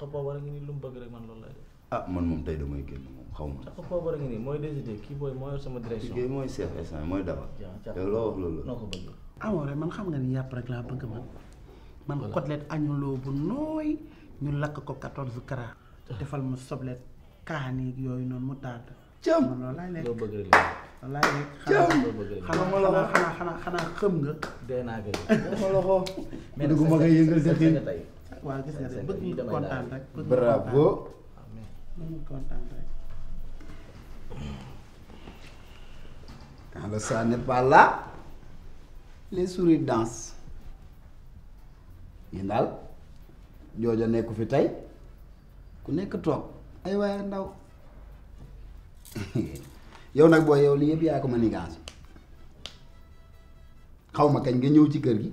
saq poobar a ngi nii lu mu bëgg rek man loolu lay def. ah man moom tey damay génn moom xaw ma. saq poobar a ngi nii mooy décidé kii moo yor sama direction. kii mooy chef instant mooy dawal. yow loo wax loolu la. noo eh, man xam nga ni yàpp rek laa bëgg man. man côtelette añuloo bu nooy ñu lakk ko quatorze carats. Ah. defal ma soblet kaani yooyu noonu mu taat. cam man loolu laay lekk loo bëgg rek la. wallaay nag xanaa xanaa xanaa nga. dee naa ma loxo. mais nag koy yëngal sa waaw gis nga de bëgg ñu kontaan rek. bravo. le sang n'est pas là, les daal joojo nekku fi tey ku nekk toog ay waaye ndaw yow nag boo yow lii yëpp yaa ko manigance xaw ma kañ nga ñëw ci kër gi.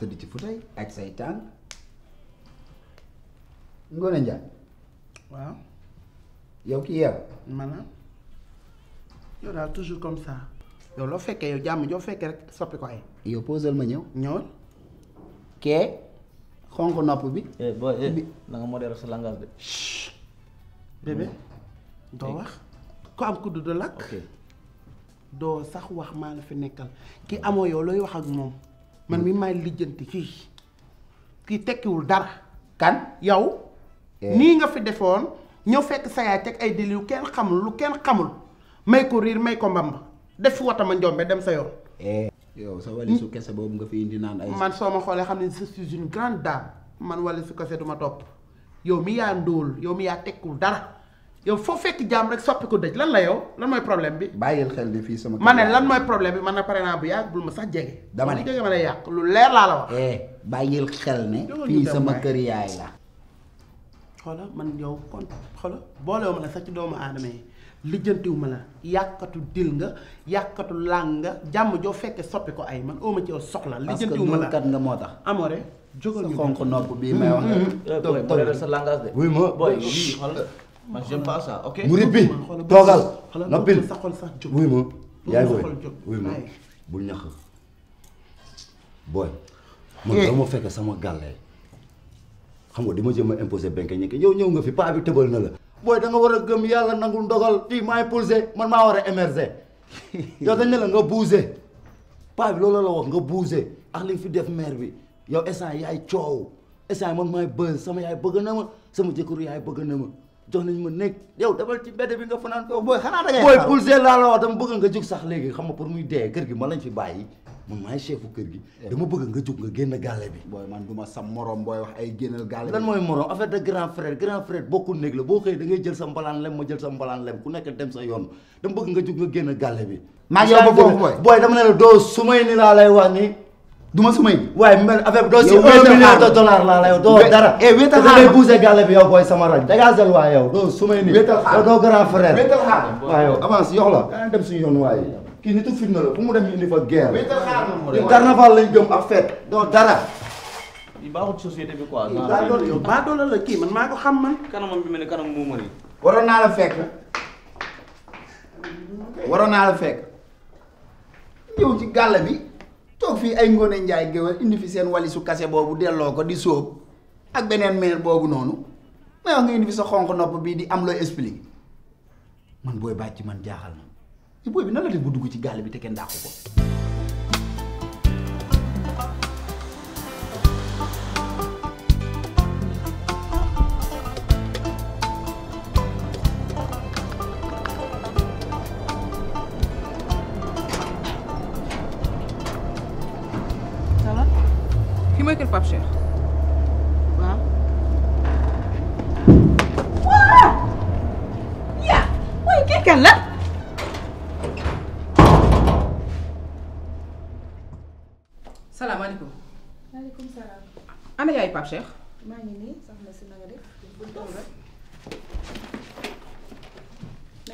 tëdd ci futay ak say tànk Ngoné Ndiaye waaw yow ki yeew maanaam yow daal toujours comme ça yow loo fekkee yow jàmm joo fekkee rek soppi ko ay yow posal ma ñëw ñëwal kee xonq nopp bi eh, booy eh, na nga modéré mm. doo eh. wax ku am kudd du lakk doo sax wax maa la fi nekkal ki amoo yow looy wax ak moom man mi maay lijjanti kii kii tekkiwul dara. kan yow. Eh. nii nga fi defoon ñëw fekk sa yaay teg ay délits yu kenn xamul lu kenn xamul may ko riir may ko mbamba def fi wata ma njombe dem sa yoon. Eh. yow sa walisu kese boobu nga fi indi naan ay. man soo ma xoolee xam ne je suis une grande dame man walisu kese duma ma topp yow mi yaa ndóol yow mi yaa tekkul dara. yow foo fekk jàmm rek soppi ko dëj lan la yow lan mooy problème bi. bàyyil xel di fii sama. ma ne lan mooy problème bi man na pare naa bu ma sax jege. dama ne jege ma lay yàq lu leer laa la wax. Eh, bàyyil xel fii sama kër yaay la. xoola man yow kon xoola boolewu ma la sax ci doomu aadama yi lijjantiwu ma la yàqatu dil nga yàqatu làng nga jàmm joo fekkee soppi ko ay man oo ma ci yow soxla. lijjantiwu ma la parce que kat nga moo tax. amoore jógal ñu. Mm-hmm. Eh, sa man j'aime pas ça ok. mu rippi toogal noppil wuy ma yaay booy wuy ma bul ñax eh. booy. man eh. dama fekk sama gàllee xam nga di ma jëm a imposé benn ñekke yow ñëw nga fi paa bi tëbal na la. booy da nga war a gëm yàlla nangul ndogal fii maa impulsé man maa war a émerger yow dañ ne la nga bougé paa bi loolu la wax nga bougé ak li fi def maire bi yow instant yaay coow instant man maay bëgg sama yaay bëgg na ma sama jëkkër yaay bëgg na ma. jox nañ ma néeg yow demal ci mbedd bi nga fanaan foofu booy xanaa da ngay booy Poulsé laa la wax dama bëgg nga jóg sax léegi xam nga pour muy dee kër gi ma lañ fi bàyyi man maay chefu kër gi eh. dama bëgg nga jóg nga génn gàlle bi booy man du ma sam morom booy wax ay génnal gàlle lan mooy morom affaire de grand frère grand frère bokkul néeg la boo xëyee da ngay jël sa mbalaan lem ma jël sa mbalaan lem ku nekk dem sa yoon dama bëgg nga jóg nga génn gàlle bi maa ngi yow ba foofu booy booy dama ne la doo su may ni laa lay wax ni du ma sumay. waaye man affaire bi doo si un million de dollars yow doo dara. eh wéetal xaar bi yow booy sama rajo da ngaa sel waaye yow doo sumay nii. wéetal xaar doo grand frère. wéetal xaar waaye yow avance yox la. daan dem suñu yoon waaye. kii nitu fitna la fu mu dem indi fa guerre. wéetal xaar doo dara. baaxul société bi quoi. daa doon kii man maa ko xam man. kanamam bi mel ni kanam moo mën. waroon naa la fekk. waroon naa la bi toog fii ay Ngoone Njaay géwél indi fi seen walisu kase boobu delloo ko di sóob ak beneen meer boobu noonu may wax nga indi fi sa xonq nopp bii di am looy expliqué man booy bàcc man jaaxal na booy bi nan def bu dugg ci gàll bi te kenn dàqu ko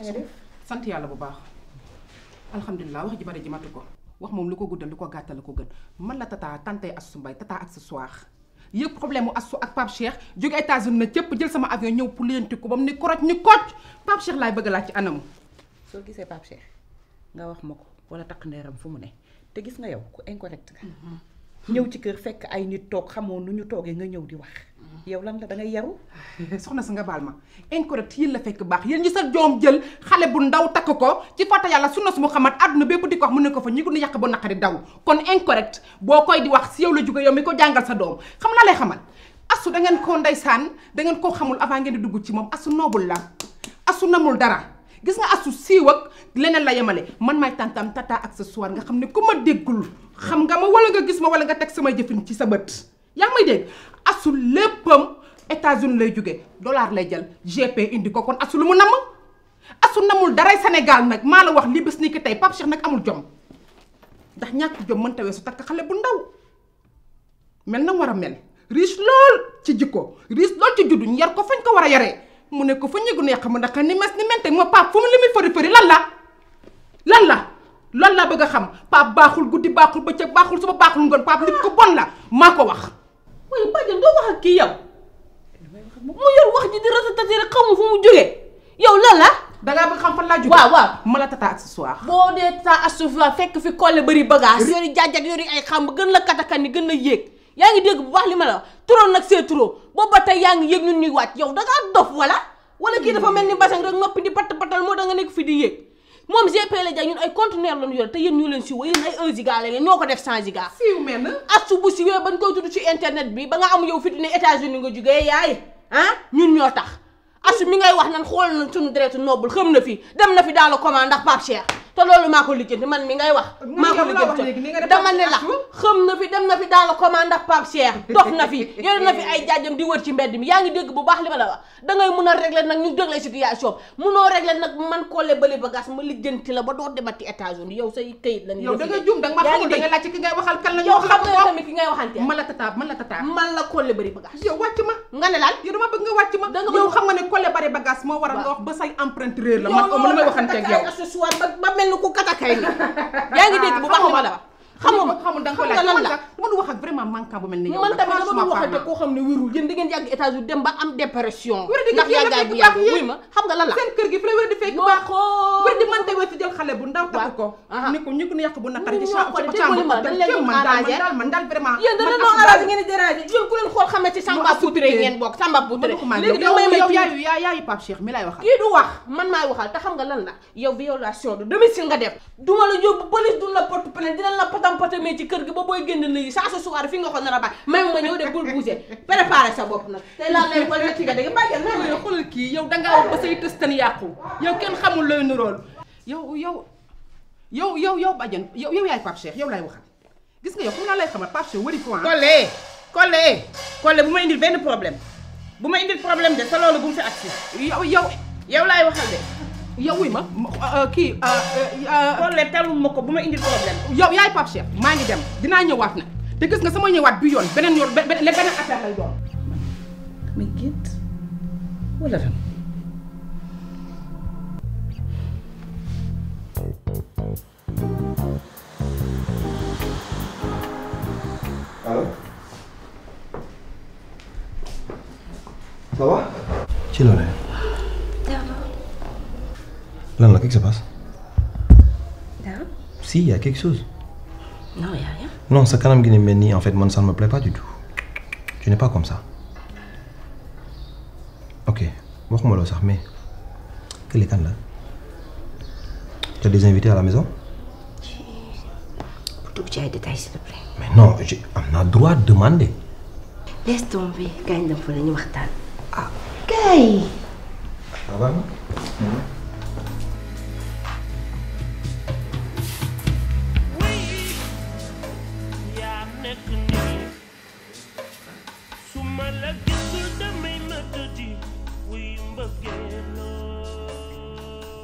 na sant yàlla bu baax alhamdulilah wax ji bari ji matu ko wax moom lu ko guddal lu ko gàttal la ko gën man la tata tantay Astou Mbaye tata accessoire yëpp problème mu Astou ak Pape Cheikh jóge États-Unis na cëpp jël sama avion ñëw pour leenti ko ba mu ni koroj ni kocc Pape Cheikh laay bëgg laaj ci anamu soo gisee Pape Cheikh nga wax ma ko wala takk ndeeram fu mu ne te gis nga yow ku incorrect nga mm-hmm. ñëw ci kër fekk ay nit toog xamoon nu ñu toogee nga ñëw di wax. yow lan la da ngay yaru. soxna su nga baal ma incorrect yéen la fekk baax yéen ñi sa doom jël xale bu ndaw takk ko ci fàtte yàlla su sunna su mu Muhammad àdduna bépp di ko wax mu ne ko fa ñu gën yàq ba naqari daw kon incorrect boo koy wax si yow la jugo yow mi ko jàngal sa doom xam laa lay xamal asu da ngeen koo ndeysaan da ngeen koo xamul avant ngeen di dugg ci moom asu noobul la asu namul dara. gis nga asu siiw ak leneen la yemale man may tantam tata accessoire nga xam ne ku ma déggul xam nga ma wala nga gis ma wala nga teg sama jëfin ci sa bët yaa ngi may dégg asu léppam États-Unis lay jóge dollar lay jël GP indi ko kon asu lu mu namm asu namul daray Sénégal nag maa la wax li bés ni ki tey Pape nag amul jom ndax ñàkk jom mënta weesu takk xale bu ndaw mel na war a mel riche lool ci jikko riche lool ci juddu ñu yar ko fañ ko war a yaree mu ne ko fu ñu gën ma ndax ni mes ni mente ma Pape fu mu li muy fëri fëri lan la lan la bëgg a xam Pape baaxul guddi baaxul bëccëg baaxul suba baaxul ngoon Pape nit ko bon la maa ko wax. waaye bàjjen doo wax ak kii yow mu yor wax ji di ratatati rek xamu fu mu jógee yow lan la. da ngaa bëgg xam fan laa jógee. waaw waaw ma la tata accessoire. boo dee tata accessoire fekk fi colle bëri bagage. yori jaajat yori ay xam gën la katakan ni gën la yéeg yaa ngi dégg bu baax li ma la trop nag c'est trop boobu ba tey yaa ngi yëg ñun ñuy waat yow da ngaa dof wala wala kii dafa mel ni basang rek noppi di batt battal moo da nga nekk fi di yéeg moom GP la jaay ñun ay conteneur te yéen ñu leen siwoo yéen ay la ngeen ñoo ko def 100 giga siiw mel na internet bi ba nga yow fi ne États-Unis nga jógee yaay ah ñun ñoo tax astu mi ngay wax nan xool na suñu deretu noble xam na fi dem na fi daal commande ndax Pape te loolu maa ko lijjanti man mi ngay wax dama ne la xam na fi dem na fi daal commande ak Pape Cheikh dox na fi yore na fi ay jaajam di wër ci mbedd mi yaa ngi dégg bu baax li ma la wax dangay mun a régler nag ñu déglee man kolle la ba doo demati États-Unis yow say këyit lañu yow da ma xamul da nga laaj ki ngay waxal xam nga tamit ki ngay waxante man la man la la kolle bari yow dama bëgg nga wàcc ma nga ne kolle mel ni ku kata kay ni yaa ngi dégg bu baax li xamul xamul da nga koy lan la seen kër gi fi la man tey bu ndaw takk man daal man daal lan la duma la yóbbu police du la dina la tampatamee ci kër gi ba booy génn léegi saa su soir fi nga ko yow yow kenn xamul looy nurool yow yow yow yow yow bàjjen yow yow yaay Pape Cheikh yow laay waxal gis nga yow xam naa lay xamal Pape Cheikh wari ko ah. Collé Collé bu ma indil benn problème bu ma indil problème de sa loolu bu mu fi agsi yow yow yow laay waxal de yow wi ma uh, kii. problème uh, uh, talum ma ko bu ma indil problème. yow yaay Pape maa ngi dem dinaa ñëwaat nag te gis nga sama ñëwaat bi yoon beneen yoon beneen beneen affaire lay doon. ci loolu. lan la qu'est-ce qui se si y a quelque non sa kanam gi ne mel nii en fait man sa ne me plaît pas du tout tu pas comme ça ok waxuma loo sax mais kële kan la tu as des la maison. dugg ci ay détails s'il te plaît. mais non je am naa droit de demander. laisse tomber kañ dem la ñu waxtaan. ah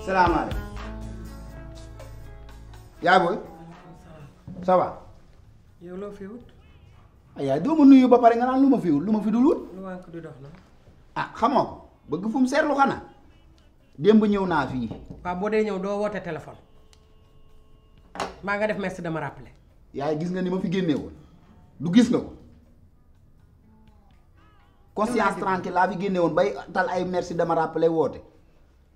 salaamaaleykum yaa booy ça yow loo fi wut. aywa doo ma nuyu ba pare nga naan lu ma fi wut lu ma fi dul wut. lu wànq di ah, ko bëgg fu mu seetlu xanaa démb ñëw naa fii. waaw boo dee ñëw doo woote téléphone maa nga def merci dama rappeler. yaay gis nga ni ma fi génnee woon du gis nga ko. conscience tranquille laa fi génne woon bay tal ay merci dama rappeler woote.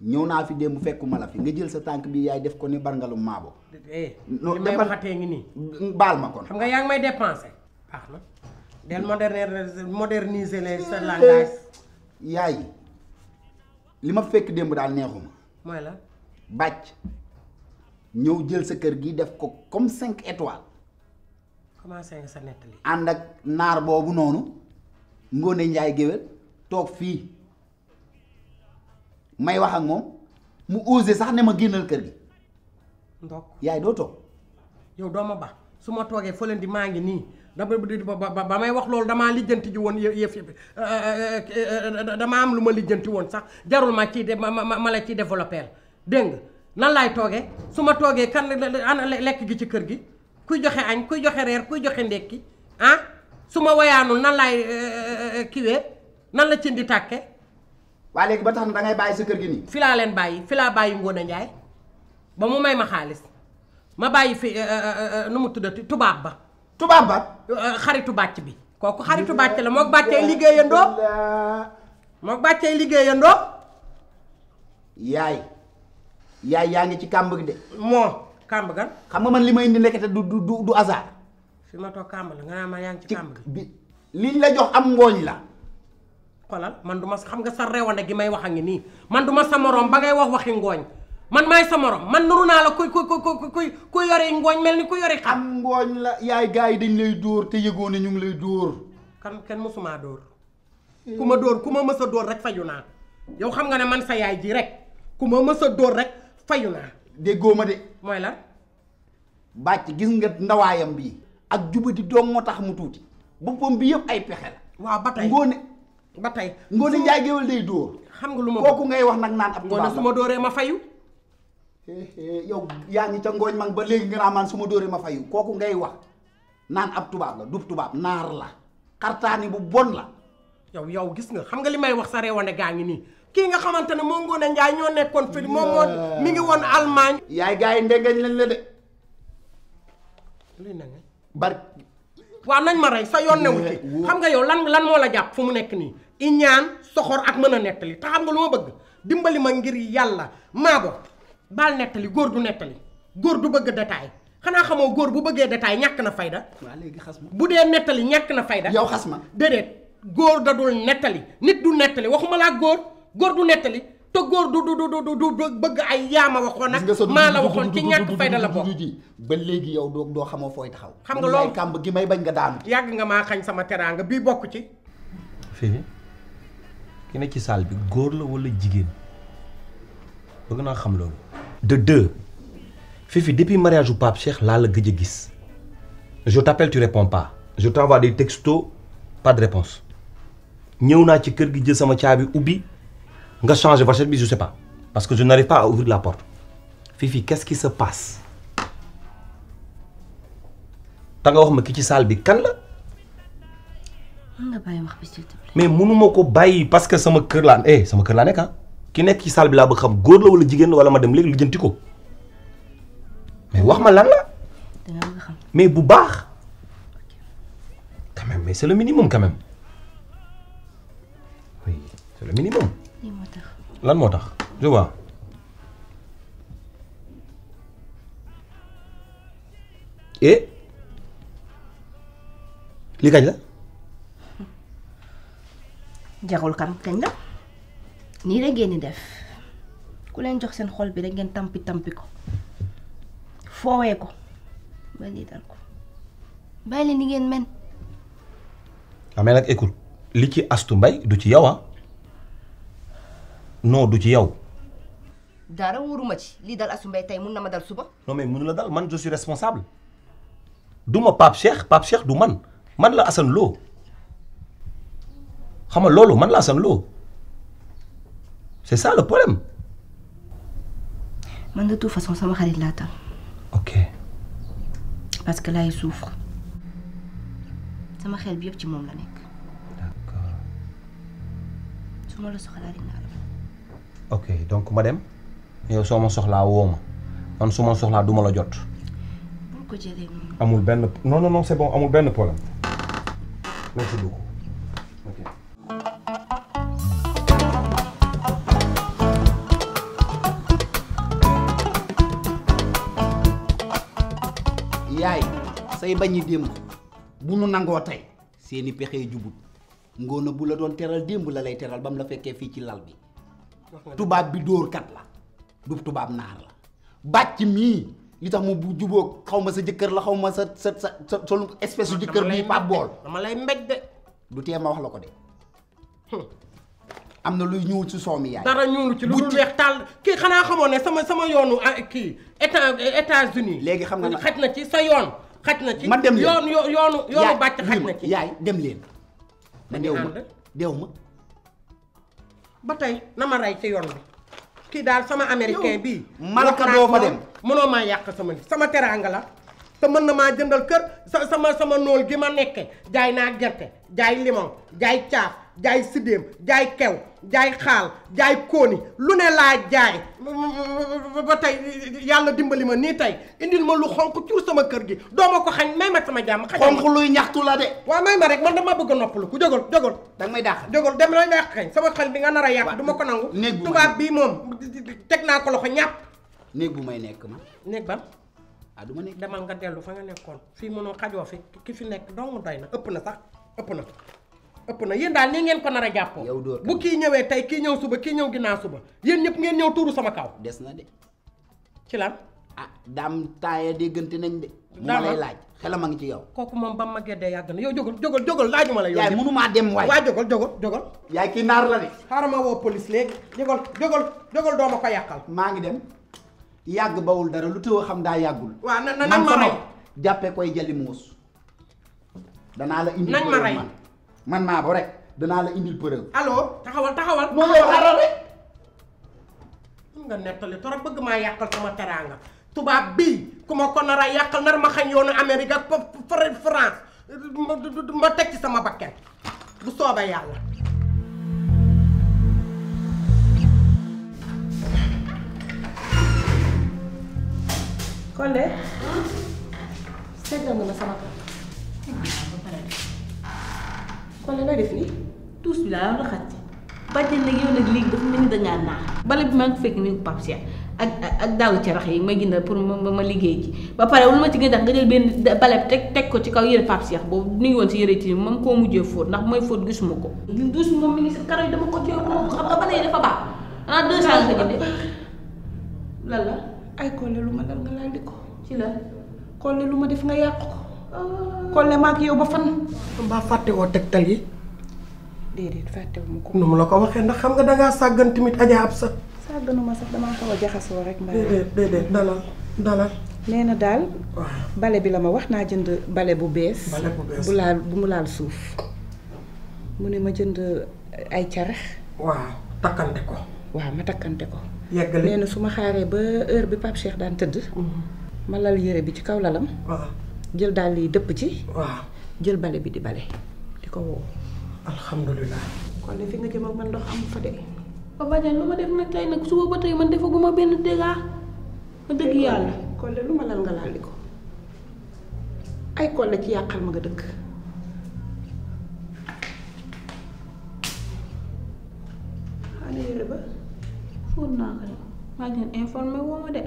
ñëw naa fi démb fekkuma la fi nga jël sa tànk bi yaay def ko ni barngalu maabo. loolu eh, li may waxatee ngi nii. baal ma kon xam nga yaa may dépensé. baax na del moderniser les sa eh, langage. yaay li ma fekk démb daal neexuma. mooy la bàcc ñëw jël sa kër gi def ko comme cinq étoiles. commencé sa nettali. ànd ak naar boobu noonu. Ngone Njaay géwél toog fii. may wax ak moom mu osé sax ne ma génnal kër gi. donc yaay doo toog. yow doo ma ba su ma toogee fële di maa ngi nii dama ba ba may wax loolu damaa lijjanti ji woon yëf yëf damaa am lu ma lijjanti woon sax jarul ma ciy de ma ma ma la ciy développé dégg nga nan laay toogee su ma toogee kan ana lekk gi ci kër gi kuy joxe añ kuy joxe reer kuy joxe ndekki ah su ma woyaanul nan laay euh, euh, euh, kiwee nan la ci di tàkke waaye léegi ba tax na da ngay bàyyi sa kër gi nii. fi laa leen bàyyi fi a bàyyi ba mu may ma xaalis ma bàyyi fi eh, eh, eh, nu mu tuddati tubaab ba. tubaab ba. xaritu bàcc bi. kooku xaritu bàcc la moog bàccee liggéeyandoo moog bàccee liggéeyandoo. yaay yaay yaa ngi ci kàmb gi de. moo kàmb gan. xam nga man li ma indi ndekete du du du hasard. fi ma toog kàmb la nga naan ma yaa ngi ci kàmb gi. bi liñ la jox am ngooñ la. xoolal man du ma xam nga sa rewane gi may wax a ngi nii man duma ma sa morom ba ngay wax waxi ngooñ man may sa morom man nuru naa la kuy kuy kuy kuy yore ngooñ mel ni ku yore xam. ngooñ la yaay gars yi dañ lay dóor te yëgoon ne ñu ngi lay dóor. kan kenn mësumaa dóor. ku ma dóor ku ma mës a dóor rek fayu naa yow xam nga ne man sa yaay ji rek ku ma mës a dóor rek faju naa. déggoo ma de. mooy la. bàcc gis nga ndawaayam bi ak jubati doom moo tax mu tuuti. boppam bi yëpp ay pexe la. waaw ba tey ngoone. ba tey Ngoné Ndiaye géwél day dóor. xam nga lu ma kooku ngay wax nag naan ab. su ma dóoree ma fayu. Eh, eh, yow yaa ngi ca ngooñ mang ba léegi nga naa maan su ma fayu kooku ngay wax naan ab tubaab la du tubaab naar la xartaani bu bon la. yow yow gis nga xam nga li may wax sa réewane gaa ngi nii kii nga xamante ne moo Ngoné Ndiaye ñoo nekkoon fii moo mi ngi woon Allemagne. yaay gars yi ndengeñ lañ la de. luy nange bari. nañ ma rey sa yoon newu xam nga yow lan lan moo la jàpp fu mu nekk nii. iñaan soxor ak mën a nettali te xam nga lu ma bëgg dimbali ma ngir yàlla maabo baal nettali góor du nettali góor du bëgg détail xanaa xamoo góor bu bëggee détail ñàkk na fayda. waaw léegi xas bu dee nettali ñàkk na fayda. yow xas ma déedéet góor da nettali nit du nettali waxuma laa góor góor du nettali te góor du du du du bëgg ay yaama waxoon ak maa la waxoon ci ñàkk fayda la bokk ba léegi yow doo doo xamoo fooy taxaw. xam nga loolu kàmb gi may bañ nga daanu. yàgg nga maa xañ sama teraanga bii bokk ci. ki ci saal bi góor la walla jigéen bëgg naa xam loolu. de deux Fifi depuis mariage bu Pape Cheikh laa la gëj a gis je t'appelle tu réponds pas je t'envoie des textos pas de réponse ñëw naa ci kër gi jël sama caabi ubbi nga changé vachette bi je sais pas parce que je n'arrive pas à ouvrir la porte Fifi qu'est-ce qui se nga wax ma ki ci saal bi kan la. mais mënuma ko bàyyi parce que sama kër laa eh sama kër laa nekk ah ki nekk ci salle bi laa bëgg xam góor la wala jigéen la ma dem léegi lu jënti ko mais wax ma lan la. mais bu baax. quand mais c'est minimum quand même oui minimum. moo tax lan moo tax je vois. eh li kañ la. jaxul kam kañ la nii rek ngeen di def ku leen jox seen xol bi rek ngeen tampi tampi ko foowee ko ba lii dal ko bàyyi leen ni ngeen men amee ah, nag écoute li ci astu mbay du ci yow ah non du ci yow dara wóoruma ci lii dal astu mbay tey mun na ma dal suba non mais mënu la dal man je suis responsable du ma Pape Cheikh Pape Cheikh du man man la Assane loo xam nga loolu man laa san loo c'est ça le problème. man de toute façon sama xarit laa tam. ok. parce que laay souffre sama xel bi yëpp ci moom la nekk. su ma la soxlaa rek naa la. ok donc madame yow soo ma soxlaa woo ma man su ma soxlaa du la jot. bul amul benn non non c'est bon amul benn problème say bañi démb bu nu nangoo tey seeni pexe jubut ngóona bu la doon teral démb la lay teral ba mu la fekkee fii ci lal bi tubaab bi dóorkat la du tubaab naar la bàcc mii li tax mu bu juboo xaw ma sa jëkkër la xawma ma sa sa sa sa espèce su jëkkër bii pap bool dama lay mbej de du tee ma wax la ko de am na luy ñuul ci soomi yaay dara ñuulu ci lu dul weex tàll kii xanaa xamoon ne sama sama yoonu ah, kii état États-Unis léegi xam nga xaj na ci sa yoon xaj na ci ma dem leen yoonu yoonu yoonu bàcc xaj na ci yaay dem leen. ma deew ma deew ma. ba tey na ma rey ci yoon bi kii daal sama américain bii. malaka doo ma dem mënoo maa yàq sama sama teraanga la. sa mën na maa jëndal kër sa sama sama nool gi ma nekke jaay naa gerte jaay limon jaay caaf jaay sidéem jaay kew jaay xaal jaay kóoni lu ne laa jaay ba tey yàlla dimbali ma nii tey indil ma lu xonq cuur sama kër gi doo ma ko xañ may ma sama jàmm xañ xonq luy ñaxtu la de waaw may ma rek man dama bëgg a noppalu ku jógal jógal danga may dàq jógal dem la dàq xañ sama xel bi nga nar a yàq du ma ko nangu tubaab bii moom teg naa ko loxo ñàpp néeg bu may nekk ma néeg ah du ma demal nga dellu fa nga nekkoon fii mënoo xajoo fi ki fi nekk dong doy na ëpp na sax ëpp na ëpp na yéen daal nii ngeen ko nar a jàppoo bu kii ñëwee tey kii ñëw suba kii ñëw ginnaaw suba yéen ñëpp ngeen ñëw tuuru sama kaw des na de ci lan a ah, daam taaya déggante nañ de mu lay ah. laaj xelam a ngi ci yow kooku moom ba ma geddee yàgg na yow jógal jógal jógal laajuma la yow yaay mënumaa dem waay waay jógal jógal jógal yaay kii naar la de xaaral ma woo police léegi jógal jógal jógal doo ko yàqal maa ngi dem yàgg bawul dara lu tëw xam daa yàggul. waa na na nañ ma rey jàppe koy jali muus. danaa la indil preuve man man maa rek danaa la indil preuve. allo taxawal taxawal. moo mun nga nettali trop bëgg maa yàqal sama teraanga tubaab bii ku ma ko nar a yàqal nar ma xañ yoonu Amérique ak France ma teg ci sama bakken bu sooba yàlla. Collé seggal nga ma sama kàlla. ba pare Collé nooy def nii. tuus bi laa war a xàcc. bàjjen nag yow nag léegi dafa mel ni dañaa naax. bala bi maa ngi fekk ni Pape Cheikh ak ak daaw ci rax yi ma jëndal pour ma ma liggéey ci ba pare wala ma ci gën a nga jël benn bale teg teg ko ci kaw yëre Pape boobu ni woon ci yëre ci moom koo mujjee fóot ndax mooy fóot gisuma ko. douche moom mi ngi si karo yi dama ko ci yow xam nga bale yi dafa baax. xanaa deux cent nga jëndee lan la. ay Kole lu ma dal nga laal di ko. ci la Kole lu ma def nga yàq ko. Ah. Kole ma yow ba fan. mbaa fàtte woo tegtal yi. déedéet fàttewuma ko. nu mu la ko waxee ndax xam nga dangaa sàggan tamit Adja ab sax. sàgganuma sax damaa xaw a jaxasoo rek. ma déedéet déedéet dalal dalal. nee na daal. bale bi la ma wax naa jënd bale bu bees. bale bu bees bu laal bu mu laal suuf. mu ne ma jënd ay carax. waaw takkante ko. waaw ma takkante ko. yeggale nee na su ma xaaree ba heure bi Pape Cheikh daan tëdd. Mhm. ma lal yére bi ci kaw lalam. jël dàll yi dëpp ci. waaw jël bale bi di bale di ko woo. alhamdulilah. kon de fi nga jëm ak man ndox am fa de. Papa Diagne lu ma def nag tey nag suba ba tey man defaguma benn dégât. ma dëgg yàlla kon lu ma lal nga laal di ko. ay kolle ci yàqal ma nga dëgg wóor naa ko de maa ngi leen informé woo ma de.